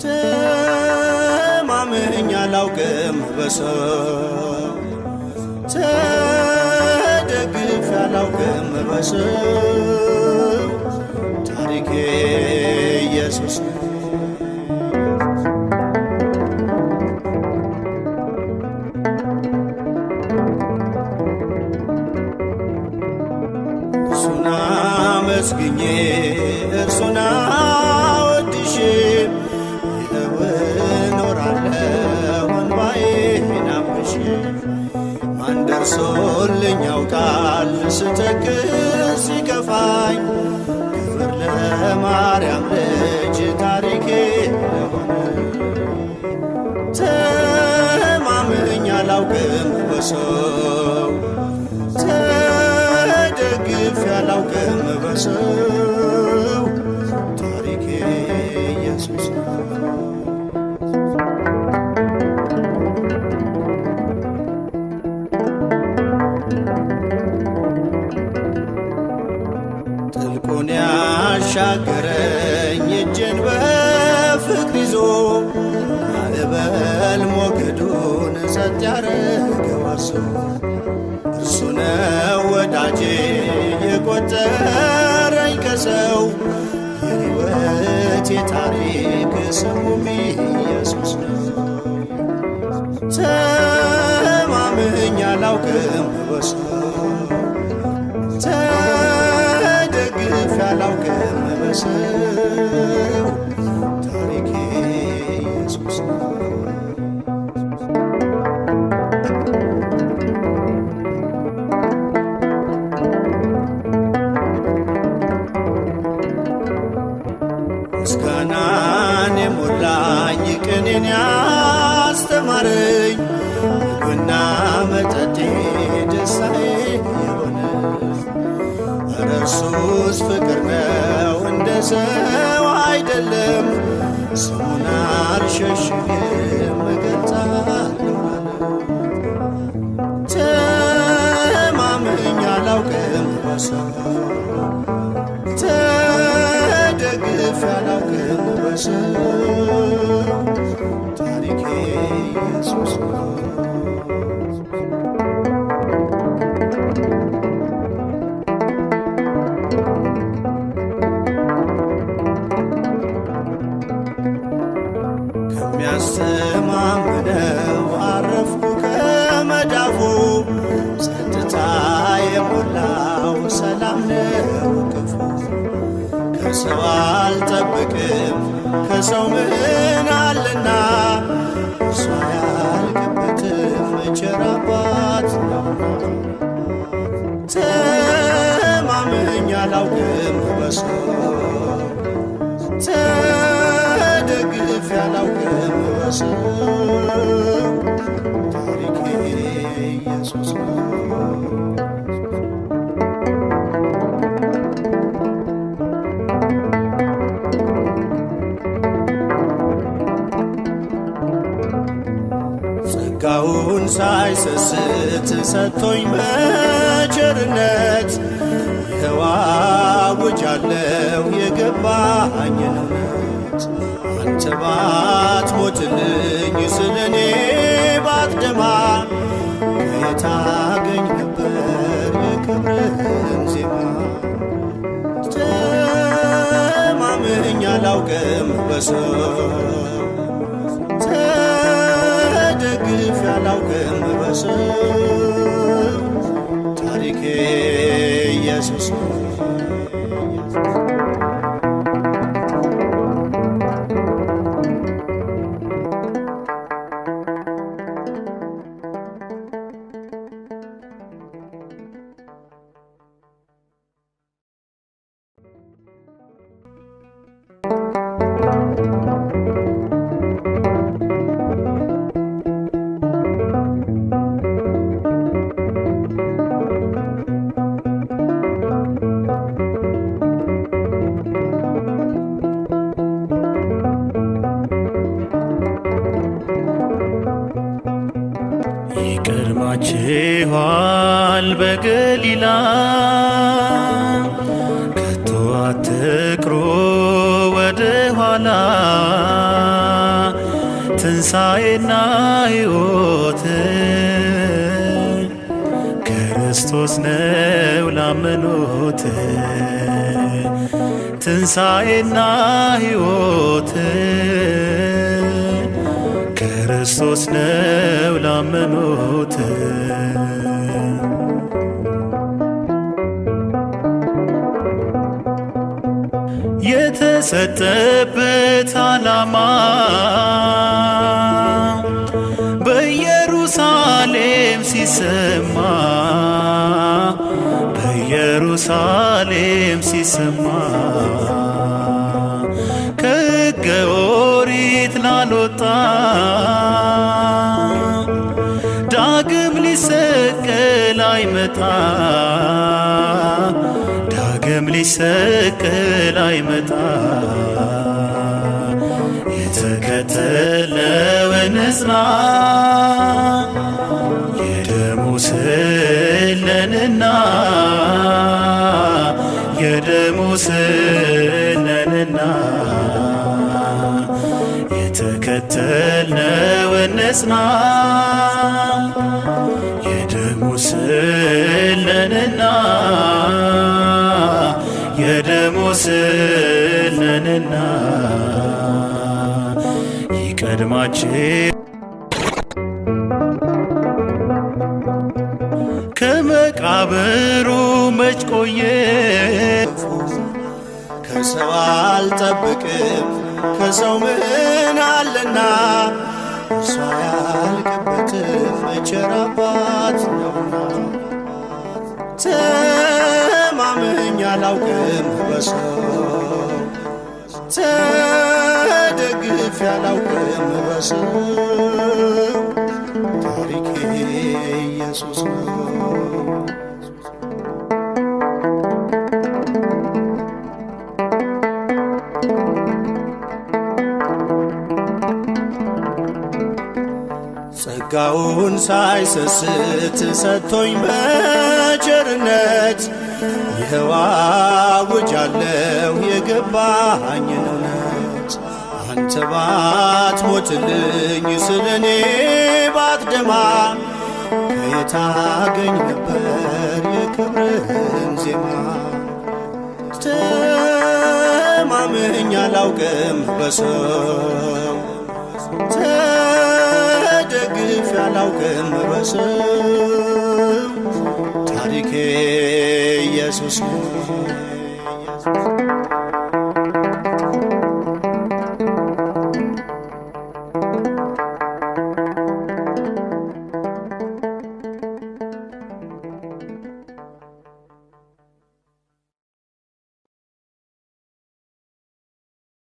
ተማምኛ አላውቅም በሰው ተደግፍ አላውቅም ታሪኬ ኢየሱስ አመስግኜ እርሱን አወድሼ እኖራለሁ እንባዬን አብሼ። ማን ደርሶልኝ ያውቃል ስጨክስ ሲከፋኝ ክብር ለማርያም ልጅ ታሪኬ ለሆነ ተማምኜ አላውቅም በሰው ሰው ታሪኬ ኢየሱስ ጥልቁን ያሻገረኝ እጄን በፍቅር ይዞ ማዕበል ሞገዱን ጸጥ ያረገዋሰው ታሪክ ስሙም ኢየሱስ ነው። ተማምኛ አላውቅም በሱ ተደግፍ አላውቅም በሰው ሰው አይደለም ስሙን አልሸሽግም እገልጻለሁ ተማምኜ አላውቅም በሰው ተደግፌ አላውቅም በሰው ሰላም ነው ክፉ ከሰው አልጠብቅም ከሰው ምን አለና እርሷ ያልክበትም መቸር አባት አላውቅም በሰው ተደግፍ ያላውቅም በሰው ታሪኬ ኢየሱስ ነው ሳይሰስት ሰጥቶኝ በቸርነት እዋውጃለሁ የገባኸኝን እውነት አንተ ባትሞትልኝ ስለ እኔ ባትደማ የታገኝ ነበር የክብርህን ዜማ ተማምኜ አላውቅም በሰው አላውቅም በስም ታሪኬ ኢየሱስ ገርማችኋል በገሊላ ከቶ አትቅሩ ወደ ኋላ ትንሣኤና ሕይወት ክርስቶስ ነው ላመኑት ትንሣኤና ሕይወት ክርስቶስ ነው ላመኑት የተሰጠበት ዓላማ በኢየሩሳሌም ሲሰማ በኢየሩሳሌም ሲሰማ ከሕገ ኦሪት ላልወጣ ዳግም ሊሰቀል አይመጣ ዳግም ሊሰቀል አይመጣ የተከተለውን ዕዝራ የደሙ ስለንና የደሙ ስለንና የተከተልነውን ንጽና ስነንና የደሞ ስነንና ይቀድማችን ከመቃብሩ መች ቆየ ከሰው አልጠብቅም ከሰው ምን አለና እርሷ ያልቅበት መቸር አባት ነውና ተደግፍ ያላውቅም በሰው ታሪኬ ኢየሱስ ነው ጸጋውን ሳይሰስት ሰጥቶኝ በቸርነት ይኸው አውጃለሁ የገባኝን እውነት። አንተ ባትሞትልኝ ስለ እኔ ባትደማ ከየት አገኝ ነበር የክብርህን ዜማ? ተማምኝ አላውቅም በሰው ሳልደግፍ ያላውቅም በስም ታሪኬ ኢየሱስ